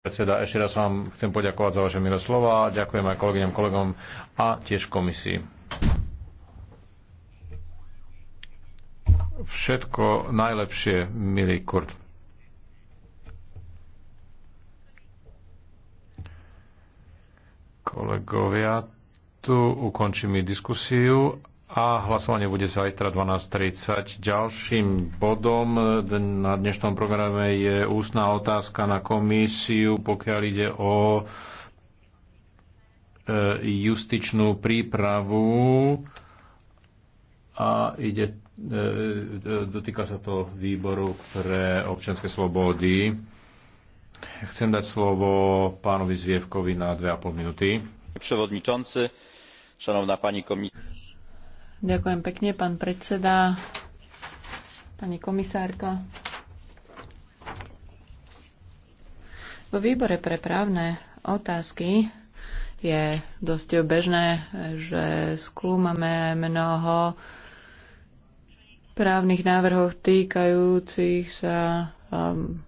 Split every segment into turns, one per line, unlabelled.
predseda, ešte raz vám chcem poďakovať za vaše milé slova, ďakujem aj kolegyňam, kolegom a tiež komisii. Všetko najlepšie, milý Kurt. Kolegovia, tu ukončím diskusiu a hlasovanie bude zajtra 12.30. Ďalším bodom na dnešnom programe je ústna otázka na komisiu, pokiaľ ide o e, justičnú prípravu a ide, e, dotýka sa to výboru pre občianske slobody. Chcem dať slovo pánovi Zvievkovi na 2,5 minúty. Przewodniczący, szanowna
pani komisarz.
Ďakujem pekne, pán predseda, pani komisárka. Vo výbore pre právne otázky je dosť bežné, že skúmame mnoho právnych návrhov týkajúcich sa um,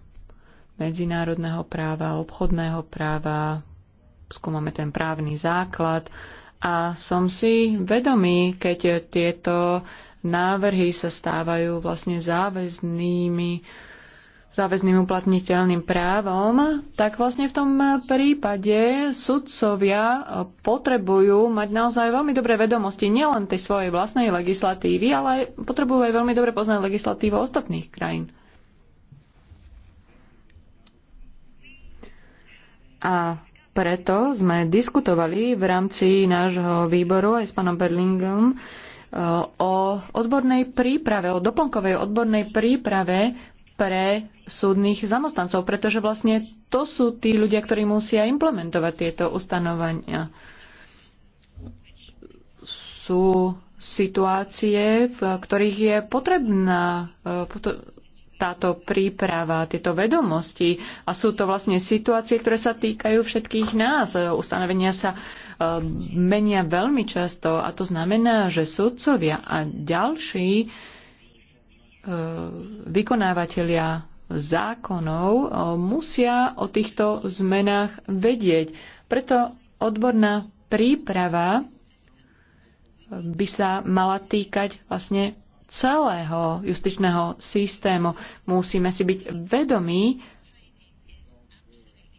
medzinárodného práva, obchodného práva, skúmame ten právny základ a som si vedomý, keď tieto návrhy sa stávajú vlastne záväznými záväzným uplatniteľným právom, tak vlastne v tom prípade sudcovia potrebujú mať naozaj veľmi dobré vedomosti nielen tej svojej vlastnej legislatívy, ale potrebujú aj veľmi dobre poznať legislatívu ostatných krajín. A preto sme diskutovali v rámci nášho výboru aj s pánom Berlingom eh, o odbornej príprave, o doplnkovej odbornej príprave pre súdnych zamostnancov, pretože vlastne to sú tí ľudia, ktorí musia implementovať tieto ustanovania. Sú situácie, v ktorých je potrebná, eh, táto príprava, tieto vedomosti a sú to vlastne situácie, ktoré sa týkajú všetkých nás. E, ustanovenia sa e, menia veľmi často a to znamená, že sudcovia a ďalší e, vykonávateľia zákonov musia o týchto zmenách vedieť. Preto odborná príprava by sa mala týkať vlastne celého justičného systému. Musíme si byť vedomí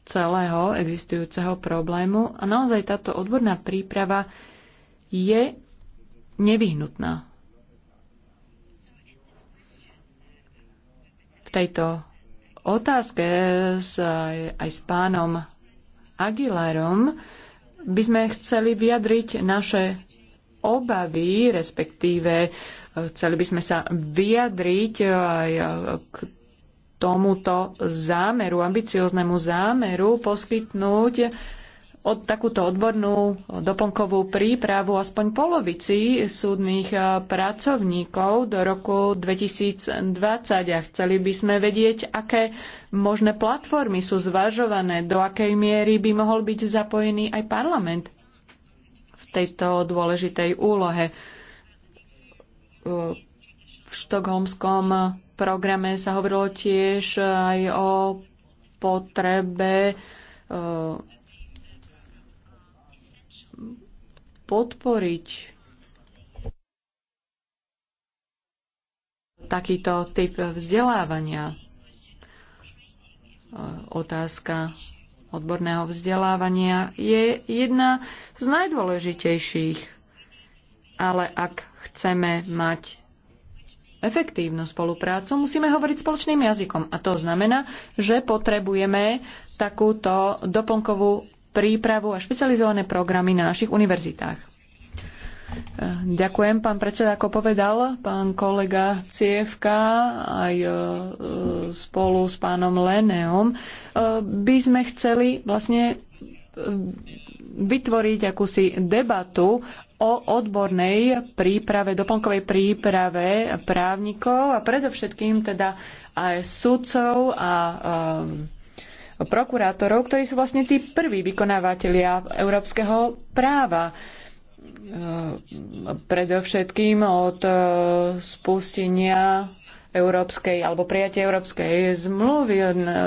celého existujúceho problému a naozaj táto odborná príprava je nevyhnutná. V tejto otázke s, aj s pánom Aguilarom by sme chceli vyjadriť naše obavy, respektíve Chceli by sme sa vyjadriť aj k tomuto zámeru, ambicioznému zámeru poskytnúť od takúto odbornú doplnkovú prípravu aspoň polovici súdnych pracovníkov do roku 2020 a chceli by sme vedieť, aké možné platformy sú zvažované, do akej miery by mohol byť zapojený aj parlament v tejto dôležitej úlohe v štokholmskom programe sa hovorilo tiež aj o potrebe eh, podporiť takýto typ vzdelávania. Eh, otázka odborného vzdelávania je jedna z najdôležitejších ale ak chceme mať efektívnu spoluprácu, musíme hovoriť spoločným jazykom. A to znamená, že potrebujeme takúto doplnkovú prípravu a špecializované programy na našich univerzitách. Eh, ďakujem, pán predseda, ako povedal pán kolega Cievka aj eh, spolu s pánom Leneom, eh, by sme chceli vlastne vytvoriť akúsi debatu o odbornej príprave, doplnkovej príprave právnikov a predovšetkým teda aj sudcov a um, prokurátorov, ktorí sú vlastne tí prví vykonávateľia európskeho práva um, predovšetkým od uh, spustenia európskej alebo prijatia európskej zmluvy,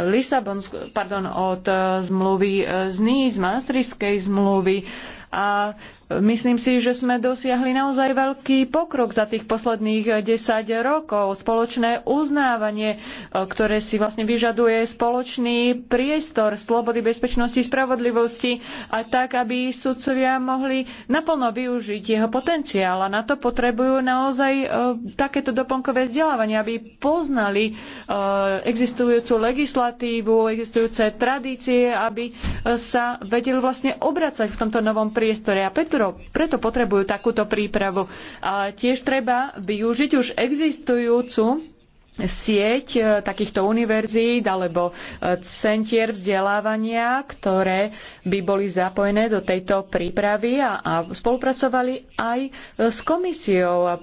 Lisabon, pardon, od uh, zmluvy z Níz, Maastrichtskej zmluvy a Myslím si, že sme dosiahli naozaj veľký pokrok za tých posledných 10 rokov. Spoločné uznávanie, e, ktoré si vlastne vyžaduje spoločný priestor slobody, bezpečnosti, spravodlivosti a tak, aby sudcovia mohli naplno využiť jeho potenciál. A na to potrebujú naozaj e, takéto doplnkové vzdelávanie, aby poznali e, existujúcu legislatívu, existujúce tradície, aby sa vedeli vlastne obracať v tomto novom priestore. A preto preto, preto potrebujú takúto prípravu. A tiež treba využiť už existujúcu sieť e, takýchto univerzít alebo e, centier vzdelávania, ktoré by boli zapojené do tejto prípravy a, a spolupracovali aj e, s komisiou. A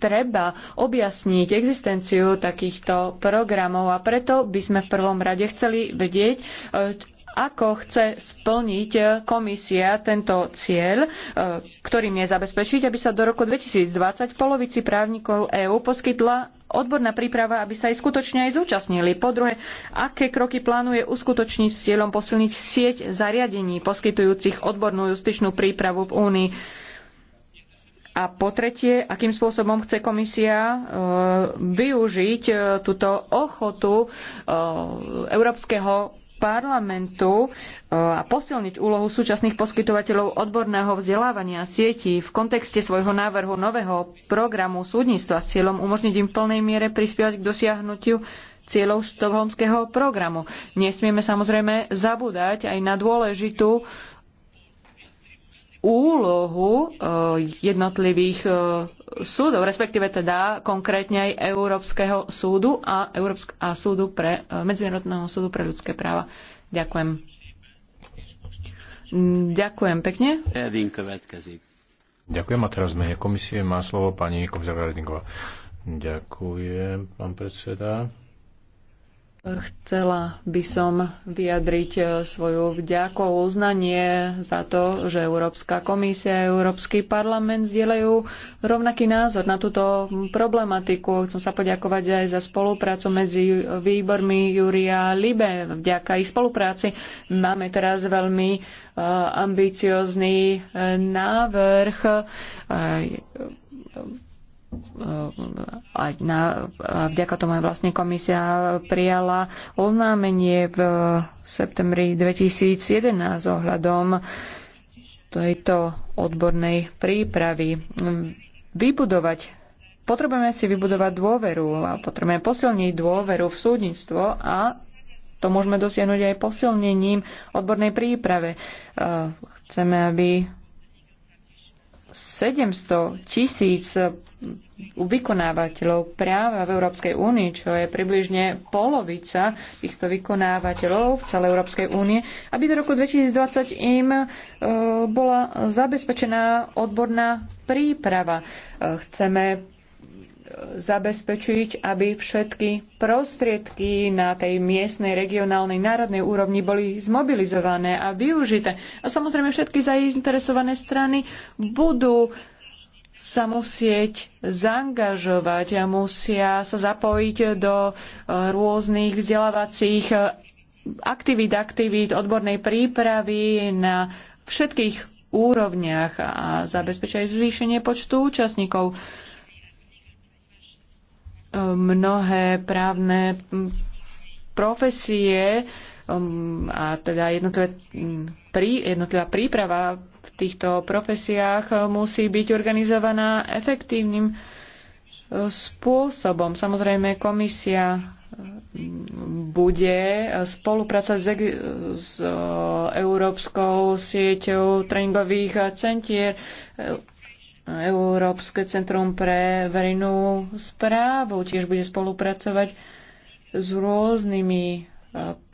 treba objasniť existenciu takýchto programov a preto by sme v prvom rade chceli vedieť, ako chce splniť eh, komisia tento cieľ, eh, ktorým je zabezpečiť, aby sa do roku 2020 polovici právnikov EÚ poskytla odborná príprava, aby sa aj skutočne aj zúčastnili. Po druhé, aké kroky plánuje uskutočniť s cieľom posilniť sieť zariadení poskytujúcich odbornú justičnú prípravu v Únii. A po tretie, akým spôsobom chce komisia eh, využiť túto ochotu Európskeho parlamentu e, a posilniť úlohu súčasných poskytovateľov odborného vzdelávania sietí v kontexte svojho návrhu nového programu súdnictva s cieľom umožniť im v plnej miere prispievať k dosiahnutiu cieľov štokholmského programu. Nesmieme samozrejme zabúdať aj na dôležitú úlohu eh, jednotlivých eh, súdov, respektíve teda konkrétne aj Európskeho súdu a, Európsk- a súdu pre, eh, Medzinárodného súdu pre ľudské práva. Ďakujem. Mm, ďakujem pekne.
Ďakujem
a teraz mene komisie má slovo pani komisárka Redingová. Ďakujem, pán predseda.
Chcela by som vyjadriť e, svoju vďako a uznanie za to, že Európska komisia a Európsky parlament zdieľajú rovnaký názor na túto problematiku. Chcem sa poďakovať aj za spoluprácu medzi výbormi Júria a Libe. Vďaka ich spolupráci máme teraz veľmi e, ambiciózny e, návrh Eh, aj na, a vďaka tomu aj vlastne komisia prijala oznámenie v septembri 2011 ohľadom tejto odbornej prípravy. Vybudovať potrebujeme si vybudovať dôveru a potrebujeme posilniť dôveru v súdnictvo a to môžeme dosiahnuť aj posilnením odbornej príprave. Eh, chceme, aby 700 tisíc vykonávateľov práva v Európskej únii, čo je približne polovica týchto vykonávateľov v celej Európskej únie, aby do roku 2020 im e, bola zabezpečená odborná príprava. E, chceme zabezpečiť, aby všetky prostriedky na tej miestnej, regionálnej, národnej úrovni boli zmobilizované a využité. A samozrejme všetky zainteresované strany budú sa musieť zaangažovať a musia sa zapojiť do eh, rôznych vzdelávacích eh, aktivít, aktivít odbornej prípravy na všetkých úrovniach a zabezpečiť zvýšenie počtu účastníkov mnohé právne profesie um, a teda jednotlivé, prí, jednotlivá príprava v týchto profesiách uh, musí byť organizovaná efektívnym uh, spôsobom. Samozrejme, komisia bude uh, spolupracovať s, s Európskou sieťou tréningových centier Európske centrum pre verejnú správu tiež bude spolupracovať s rôznymi e,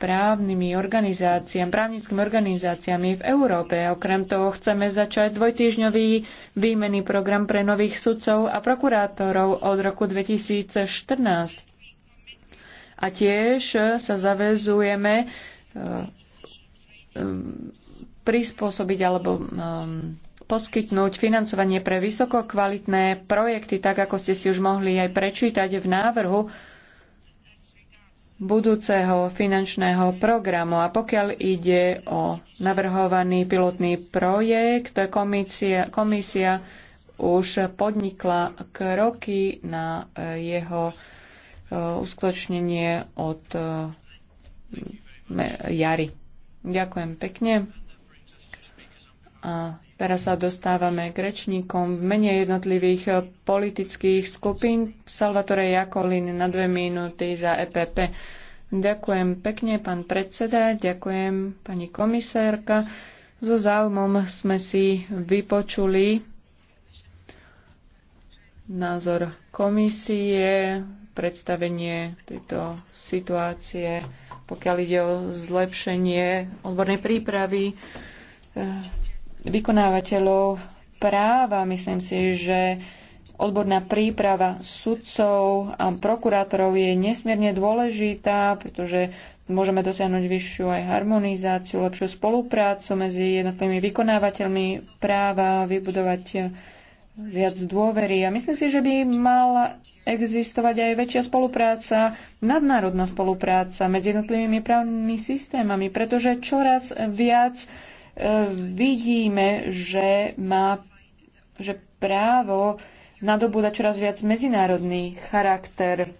právnymi organizáciami, právnickými organizáciami v Európe. Okrem toho chceme začať dvojtýžňový výmenný program pre nových sudcov a prokurátorov od roku 2014. A tiež sa zavezujeme e, e, prispôsobiť alebo poskytnúť financovanie pre vysokokvalitné projekty, tak ako ste si už mohli aj prečítať v návrhu budúceho finančného programu. A pokiaľ ide o navrhovaný pilotný projekt, komisia, komisia už podnikla kroky na jeho e, uskutočnenie od e, jary. Ďakujem pekne. A Teraz sa dostávame k rečníkom v mene jednotlivých eh, politických skupín. Salvatore Jakolin na dve minúty za EPP. Ďakujem pekne, pán predseda, ďakujem pani komisárka. So záujmom sme si vypočuli názor komisie, predstavenie tejto situácie, pokiaľ ide o zlepšenie odbornej prípravy eh, vykonávateľov práva. Myslím si, že odborná príprava sudcov a prokurátorov je nesmierne dôležitá, pretože môžeme dosiahnuť vyššiu aj harmonizáciu, lepšiu spoluprácu medzi jednotlivými vykonávateľmi práva, vybudovať viac dôvery. A myslím si, že by mala existovať aj väčšia spolupráca, nadnárodná spolupráca medzi jednotlivými právnymi systémami, pretože čoraz viac vidíme, že má že právo nadobúda čoraz viac medzinárodný charakter.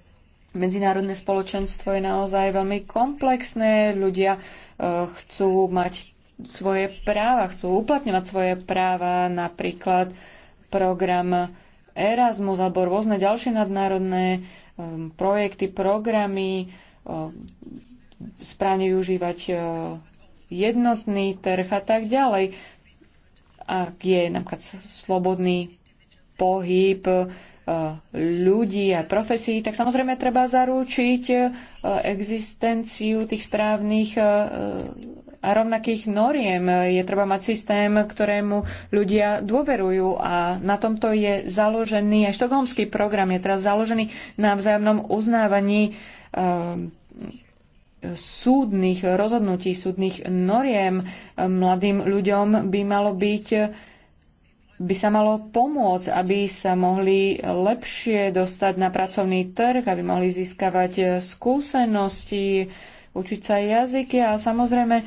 Medzinárodné spoločenstvo je naozaj veľmi komplexné. Ľudia eh, chcú mať svoje práva, chcú uplatňovať svoje práva, napríklad program Erasmus alebo rôzne ďalšie nadnárodné eh, projekty, programy, eh, správne využívať jednotný trh a tak ďalej. Ak je napríklad slobodný pohyb eh, ľudí a profesí, tak samozrejme treba zaručiť eh, existenciu tých správnych eh, a rovnakých noriem. Je treba mať systém, ktorému ľudia dôverujú a na tomto je založený aj štokholmský program, je teraz založený na vzájomnom uznávaní súdnych rozhodnutí, súdnych noriem mladým ľuďom by malo byť by sa malo pomôcť, aby sa mohli lepšie dostať na pracovný trh, aby mohli získavať skúsenosti, učiť sa jazyky a samozrejme,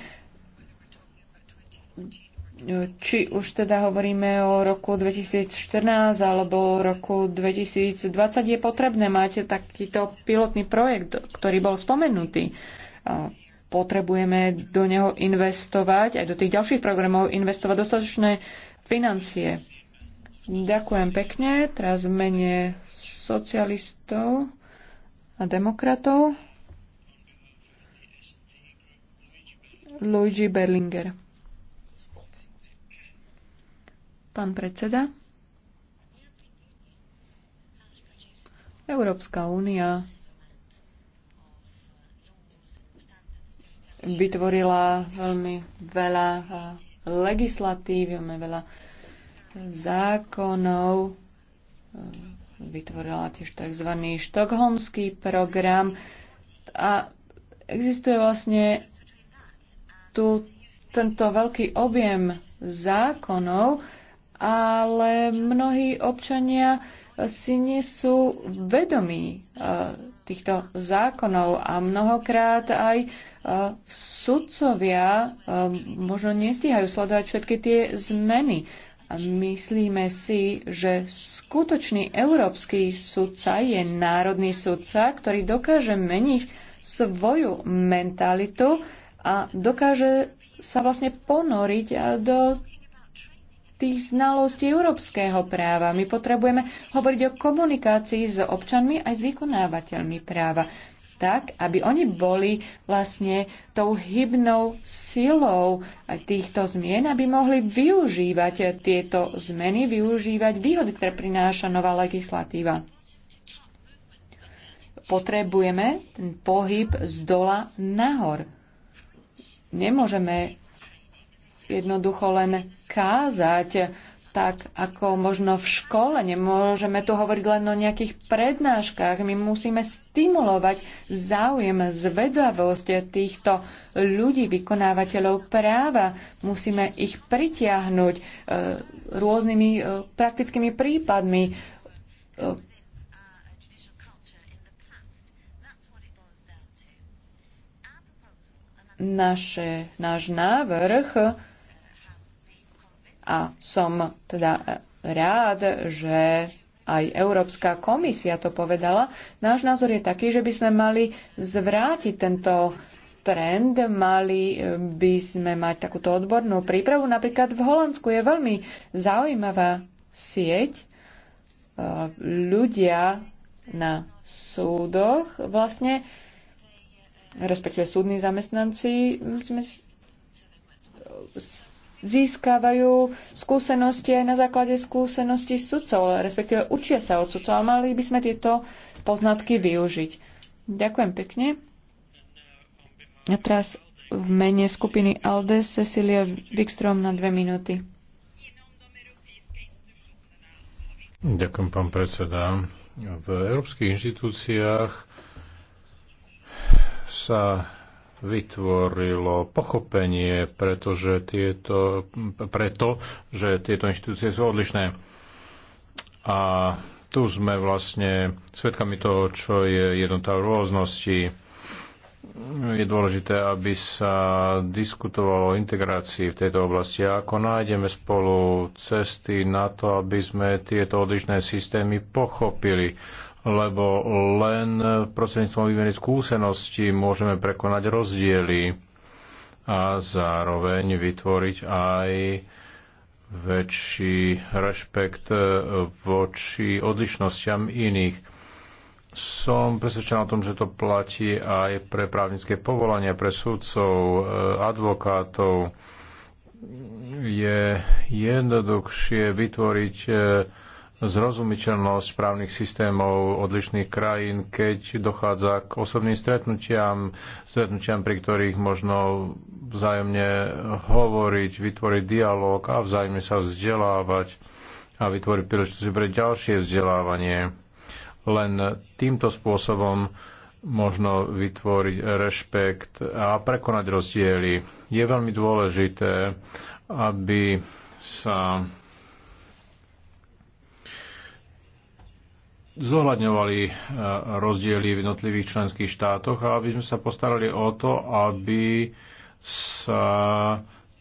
či už teda hovoríme o roku 2014 alebo o roku 2020, je potrebné mať takýto pilotný projekt, ktorý bol spomenutý potrebujeme do neho investovať, aj do tých ďalších programov investovať dostatočné financie. Ďakujem pekne. Teraz v mene socialistov a demokratov Luigi Berlinger. Pán predseda. Európska únia vytvorila veľmi veľa e, legislatív, veľmi veľa zákonov, e, vytvorila tiež tzv. štokholmský program a existuje vlastne tu tento veľký objem zákonov, ale mnohí občania si nie sú vedomí e, týchto zákonov a mnohokrát aj E, sudcovia e, možno nestíhajú sledovať všetky tie zmeny. A myslíme si, že skutočný európsky sudca je národný sudca, ktorý dokáže meniť svoju mentalitu a dokáže sa vlastne ponoriť do tých znalostí európskeho práva. My potrebujeme hovoriť o komunikácii s občanmi aj s vykonávateľmi práva tak, aby oni boli vlastne tou hybnou silou týchto zmien, aby mohli využívať tieto zmeny, využívať výhody, ktoré prináša nová legislatíva. Potrebujeme ten pohyb z dola nahor. Nemôžeme jednoducho len kázať tak ako možno v škole. Nemôžeme tu hovoriť len o nejakých prednáškach. My musíme stimulovať záujem, zvedavosť týchto ľudí, vykonávateľov práva. Musíme ich pritiahnuť e, rôznymi e, praktickými prípadmi. E, naše, náš návrh a som teda rád, že aj Európska komisia to povedala. Náš názor je taký, že by sme mali zvrátiť tento trend, mali by sme mať takúto odbornú prípravu. Napríklad v Holandsku je veľmi zaujímavá sieť. Ľudia na súdoch vlastne, respektíve súdni zamestnanci, sme získavajú skúsenosti aj na základe skúseností sudcov, respektíve učia sa od sudcov a mali by sme tieto poznatky využiť. Ďakujem pekne. A teraz v mene skupiny ALDE Cecilia Wikström na dve minúty.
Ďakujem, pán predseda. V európskych inštitúciách sa vytvorilo pochopenie, pretože tieto, preto, že tieto inštitúcie sú odlišné. A tu sme vlastne svedkami toho, čo je jednota rôznosti. Je dôležité, aby sa diskutovalo o integrácii v tejto oblasti. A ako nájdeme spolu cesty na to, aby sme tieto odlišné systémy pochopili lebo len prostredníctvom výmeny skúseností môžeme prekonať rozdiely a zároveň vytvoriť aj väčší rešpekt voči odlišnostiam iných. Som presvedčená o tom, že to platí aj pre právnické povolania, pre sudcov, eh, advokátov. Je jednoduchšie vytvoriť eh, zrozumiteľnosť právnych systémov odlišných krajín, keď dochádza k osobným stretnutiam, stretnutiam, pri ktorých možno vzájomne hovoriť, vytvoriť dialog a vzájomne sa vzdelávať a vytvoriť príležitosti pre ďalšie vzdelávanie. Len týmto spôsobom možno vytvoriť rešpekt a prekonať rozdiely. Je veľmi dôležité, aby sa zohľadňovali e, rozdiely v jednotlivých členských štátoch a aby sme sa postarali o to, aby sa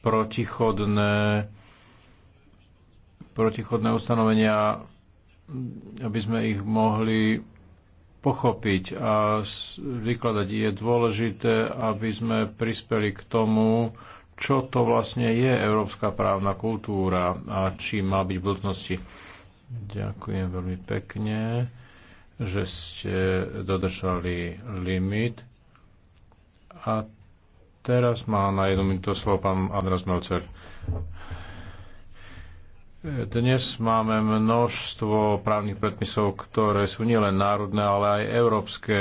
protichodné, protichodné ustanovenia, aby sme ich mohli pochopiť a vykladať. Je dôležité, aby sme prispeli k tomu, čo to vlastne je európska právna kultúra a čím má byť v budúcnosti. Ďakujem veľmi pekne, že ste dodržali limit. A teraz má na jednu minútu slovo pán Andras Melcer. Dnes máme množstvo právnych predpisov, ktoré sú nielen národné, ale aj európske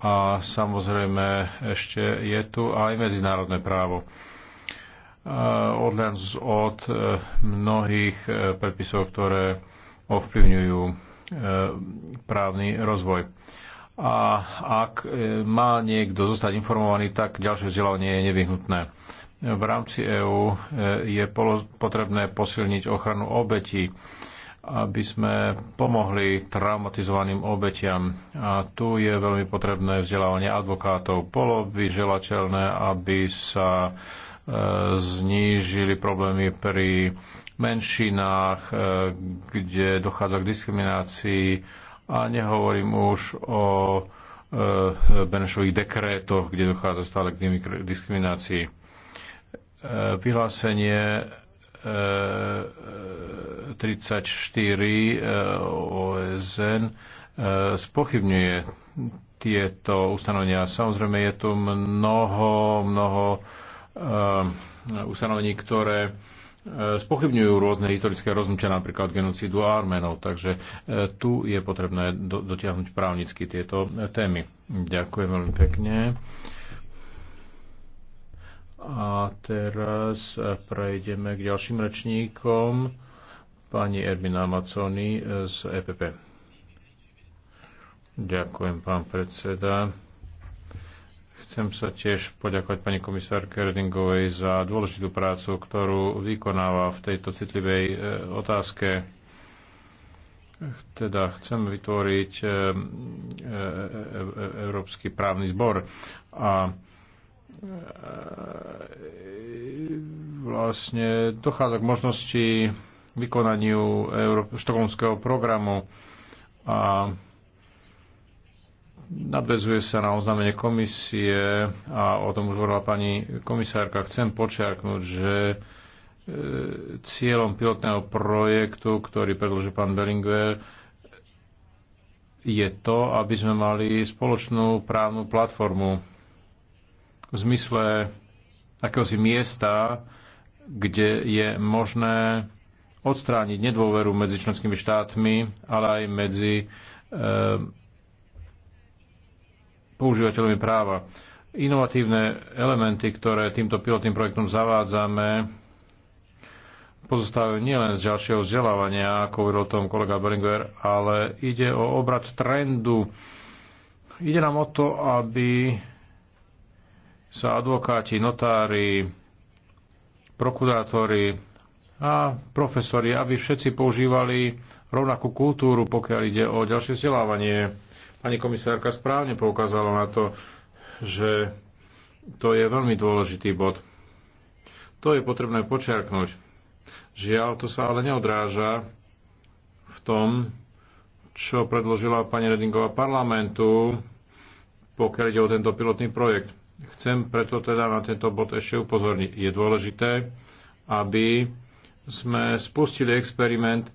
a samozrejme ešte je tu aj medzinárodné právo. Eh, odľa od eh, mnohých eh, predpisov, ktoré ovplyvňujú právny rozvoj. A ak má niekto zostať informovaný, tak ďalšie vzdelávanie je nevyhnutné. V rámci EÚ je potrebné posilniť ochranu obetí, aby sme pomohli traumatizovaným obetiam. A tu je veľmi potrebné vzdelávanie advokátov. Bolo by želateľné, aby sa znížili problémy pri menšinách, e, kde dochádza k diskriminácii a nehovorím už o e, Benešových dekrétoch, kde dochádza stále k diskriminácii. E, vyhlásenie 34 OSN spochybňuje tieto ustanovenia. Samozrejme, je tu mnoho, mnoho Ehm, ustanovení, ktoré e, spochybňujú rôzne historické rozhodnutia, napríklad genocídu Arménov. Takže e, tu je potrebné do, dotiahnuť právnicky tieto témy. Ďakujem veľmi pekne. A teraz prejdeme k ďalším rečníkom. Pani Ermina Maconi z EPP. Ďakujem, pán predseda Chcem sa tiež poďakovať pani komisárke Redingovej za dôležitú prácu, ktorú vykonáva v tejto citlivej e, otázke. Teda chcem vytvoriť e, e, Európsky právny zbor a vlastne dochádza k možnosti vykonaniu Euró- programu a Nadvezuje sa na oznámenie komisie a o tom už hovorila pani komisárka. Chcem počiarknúť, že e, cieľom pilotného projektu, ktorý predložil pán Bellinger, je to, aby sme mali spoločnú právnu platformu v zmysle akéhosi miesta, kde je možné odstrániť nedôveru medzi členskými štátmi, ale aj medzi e, používateľmi práva. Inovatívne elementy, ktoré týmto pilotným projektom zavádzame, pozostávajú nielen z ďalšieho vzdelávania, ako hovoril o tom kolega Beringer, ale ide o obrad trendu. Ide nám o to, aby sa advokáti, notári, prokurátori a profesori, aby všetci používali rovnakú kultúru, pokiaľ ide o ďalšie vzdelávanie Pani komisárka správne poukázala na to, že to je veľmi dôležitý bod. To je potrebné počiarknúť. Žiaľ, to sa ale neodráža v tom, čo predložila pani Redingová parlamentu, pokiaľ ide o tento pilotný projekt. Chcem preto teda na tento bod ešte upozorniť. Je dôležité, aby sme spustili experiment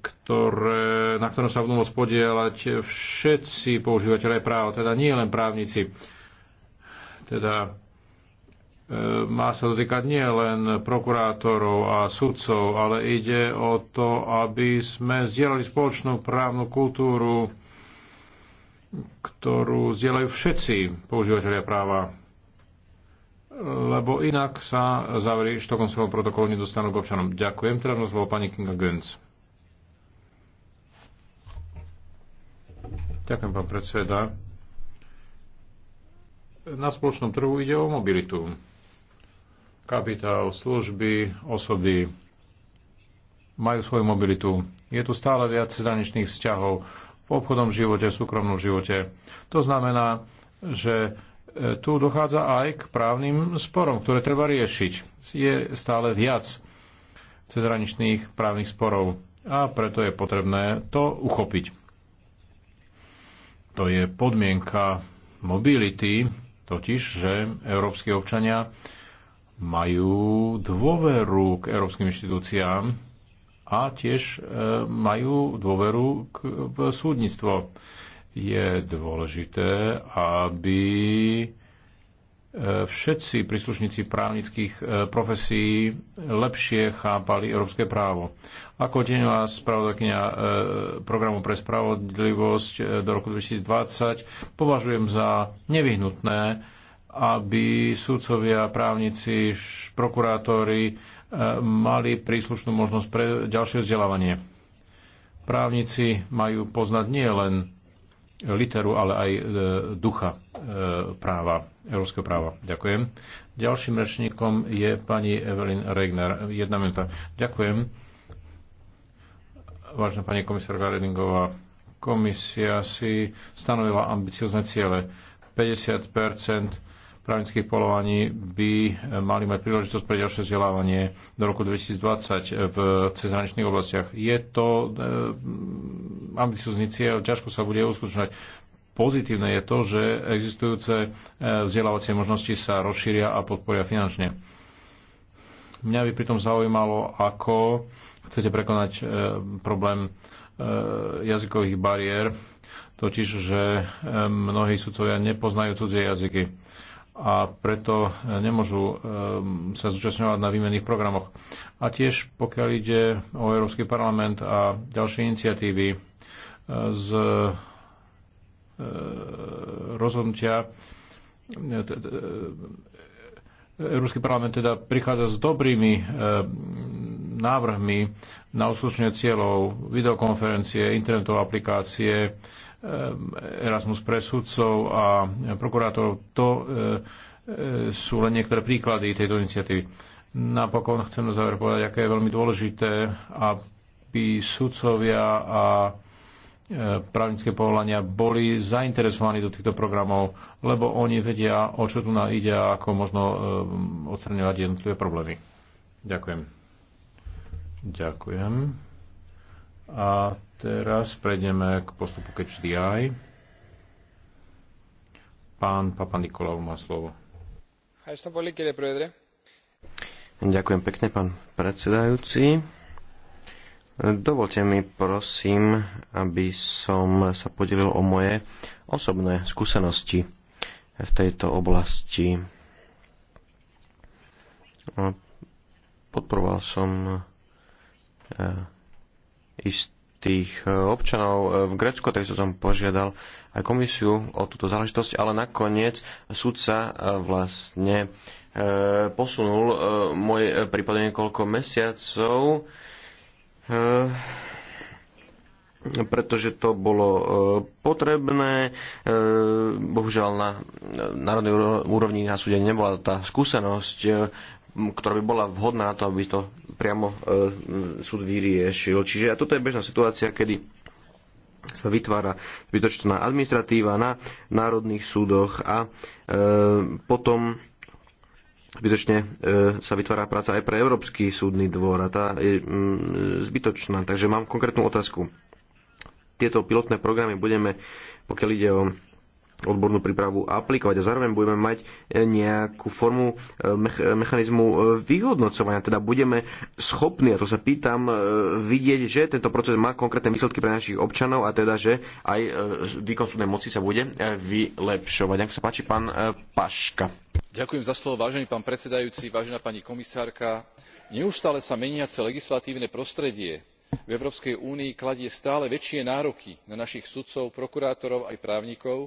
ktoré, na ktorom sa budú môcť podielať všetci používateľe práv, teda nie len právnici. Teda e, má sa dotýkať nie len prokurátorov a sudcov, ale ide o to, aby sme zdieľali spoločnú právnu kultúru, ktorú zdieľajú všetci používateľia práva. Lebo inak sa závery štokonského protokolu nedostanú k občanom. Ďakujem. Teraz slovo pani Kinga Gönc. Ďakujem, pán predseda. Na spoločnom trhu ide o mobilitu. Kapitál, služby, osoby majú svoju mobilitu. Je tu stále viac zraničných vzťahov v obchodnom živote, v súkromnom živote. To znamená, že e, tu dochádza aj k právnym sporom, ktoré treba riešiť. Je stále viac cezhraničných právnych sporov a preto je potrebné to uchopiť. To je podmienka mobility, totiž, že európsky občania majú dôveru k európskym inštitúciám a tiež e, majú dôveru k, v súdnictvo. Je dôležité, aby E, všetci príslušníci právnických e, profesí lepšie chápali európske právo. Ako deňová spravodajkynia e, programu pre spravodlivosť do roku 2020 považujem za nevyhnutné, aby súdcovia, právnici, prokurátori mali príslušnú možnosť pre ďalšie vzdelávanie. Právnici majú poznať nie len literu, ale aj e, ducha e, práva, európskeho práva. Ďakujem. Ďalším rečníkom je pani Evelyn Regner. Jedna minúta. Ďakujem. Vážená pani komisárka Redingová, komisia si stanovila ambiciozne ciele. 50 právnických polovaní by mali mať príležitosť pre ďalšie vzdelávanie do roku 2020 v cezhraničných oblastiach. Je to eh, ambiciozný cieľ, ťažko sa bude uskutočňovať. Pozitívne je to, že existujúce eh, vzdelávacie možnosti sa rozšíria a podporia finančne. Mňa by pritom zaujímalo, ako chcete prekonať eh, problém jazykových bariér, totiž, že mnohí sudcovia nepoznajú cudzie jazyky a preto e, nemôžu e, sa zúčastňovať na výmenných programoch. A tiež pokiaľ ide o Európsky parlament a ďalšie iniciatívy e, z rozhodnutia Európsky parlament teda prichádza s dobrými návrhmi na uslušenie cieľov videokonferencie, internetové aplikácie, Erasmus pre sudcov a prokurátorov. To e, e, sú len niektoré príklady tejto iniciatívy. Napokon chcem na záver povedať, aké je veľmi dôležité, aby sudcovia a e, právnické povolania boli zainteresovaní do týchto programov, lebo oni vedia, o čo tu na ide a ako možno odstraňovať jednotlivé problémy. Ďakujem. Ďakujem. A teraz prejdeme k postupu Catch the Eye.
Pán Papa Nikolau má slovo. Ďakujem pekne, pán predsedajúci. Dovolte mi, prosím, aby som sa podelil o moje osobné skúsenosti v tejto oblasti. Podporoval som eh, istých e, občanov e, v Grecku, takže som požiadal aj komisiu o túto záležitosť, ale nakoniec súd sa e, vlastne posunul môj prípade niekoľko mesiacov, pretože to bolo potrebné. Bohužiaľ na národnej úrovni na súde nebola tá skúsenosť ktorá by bola vhodná na to, aby to priamo e, súd vyriešil. Čiže a toto je bežná situácia, kedy sa vytvára zbytočná administratíva na národných súdoch a e, potom zbytočne e, sa vytvára práca aj pre Európsky súdny dvor a tá je mm, zbytočná. Takže mám konkrétnu otázku. Tieto pilotné programy budeme, pokiaľ ide o odbornú prípravu aplikovať a zároveň budeme mať e, nejakú formu e, e, mechanizmu vyhodnocovania. Teda budeme schopní, a to sa pýtam, vidieť, že tento proces má konkrétne výsledky pre našich občanov a teda, že aj výkon súdnej moci sa bude vylepšovať. Ak sa páči, pán Paška.
Ďakujem za slovo, vážený pán predsedajúci, vážená pani komisárka. Neustále sa meniace legislatívne prostredie v Európskej únii kladie stále väčšie nároky na našich sudcov, prokurátorov aj právnikov,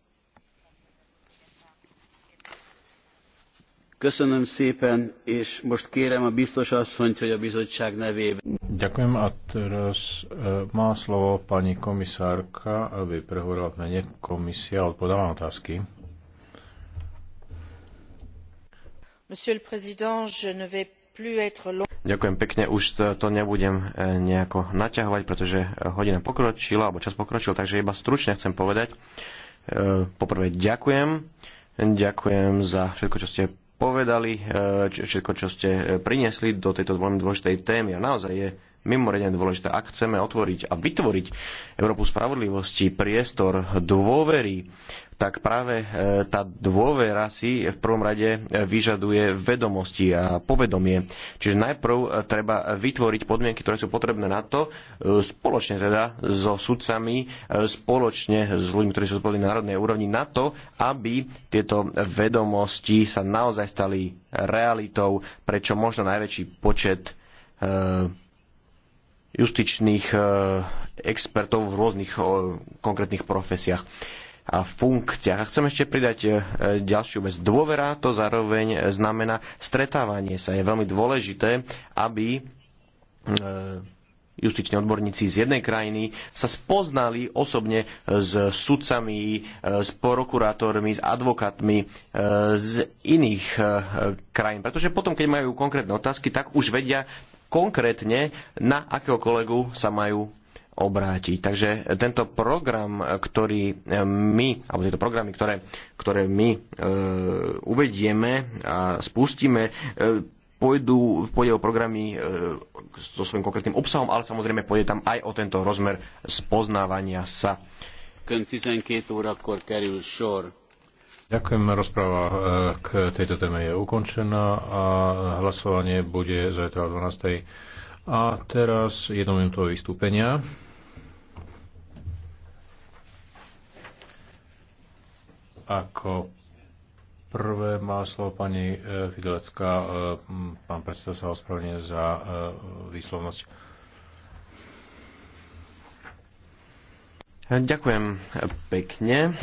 Köszönöm szépen, és most kérem a biztos asszonyt, hogy a bizottság nevében.
Ďakujem a teraz e, má slovo pani komisárka, aby prehovorila v mene a odpovedala otázky.
Monsieur le Président, je ne vais plus être long.
Ďakujem pekne, už to, to nebudem e, nejako naťahovať, pretože e, hodina pokročila, alebo čas pokročil, takže iba stručne chcem povedať. Poprvé ďakujem, ďakujem za všetko, čo ste povedali, e, všetko, čo ste e, priniesli do tejto veľmi dôležitej témy. A naozaj je mimoriadne dôležité. Ak chceme otvoriť a vytvoriť Európu spravodlivosti, priestor dôvery, tak práve e, tá dôvera si v prvom rade e, vyžaduje vedomosti a povedomie. Čiže najprv e, treba vytvoriť podmienky, ktoré sú potrebné na to, spoločne teda so sudcami, spoločne s ľuďmi, ktorí sú zodpovední na národnej úrovni, na to, aby tieto vedomosti sa naozaj stali realitou prečo možno najväčší počet justičných e, expertov v rôznych e, konkrétnych profesiách a funkciách. A chcem ešte pridať e, ďalšiu vec. Dôvera to zároveň znamená stretávanie sa. Je veľmi dôležité, aby justiční odborníci z jednej krajiny sa spoznali osobne s sudcami, s prokurátormi, s advokátmi z iných krajín. Pretože potom, keď majú konkrétne otázky, tak už vedia, konkrétne na akého kolegu sa majú obrátiť. Takže tento program, ktorý e, my, alebo tieto programy, ktoré, ktoré my e, uvedieme a spustíme, e, pôjdu, pôjde o programy e, so svojím konkrétnym obsahom, ale samozrejme pôjde tam aj o tento rozmer spoznávania sa.
Kön 12 órakor kerül sor
Ďakujem. Rozpráva e, k
tejto téme je ukončená a hlasovanie bude zajtra o 12. A teraz jednominútové vystúpenia. Ako prvé má slovo pani e, Fidelecká. E, pán predseda sa ospravedlňuje za výslovnosť.
Ďakujem
pekne.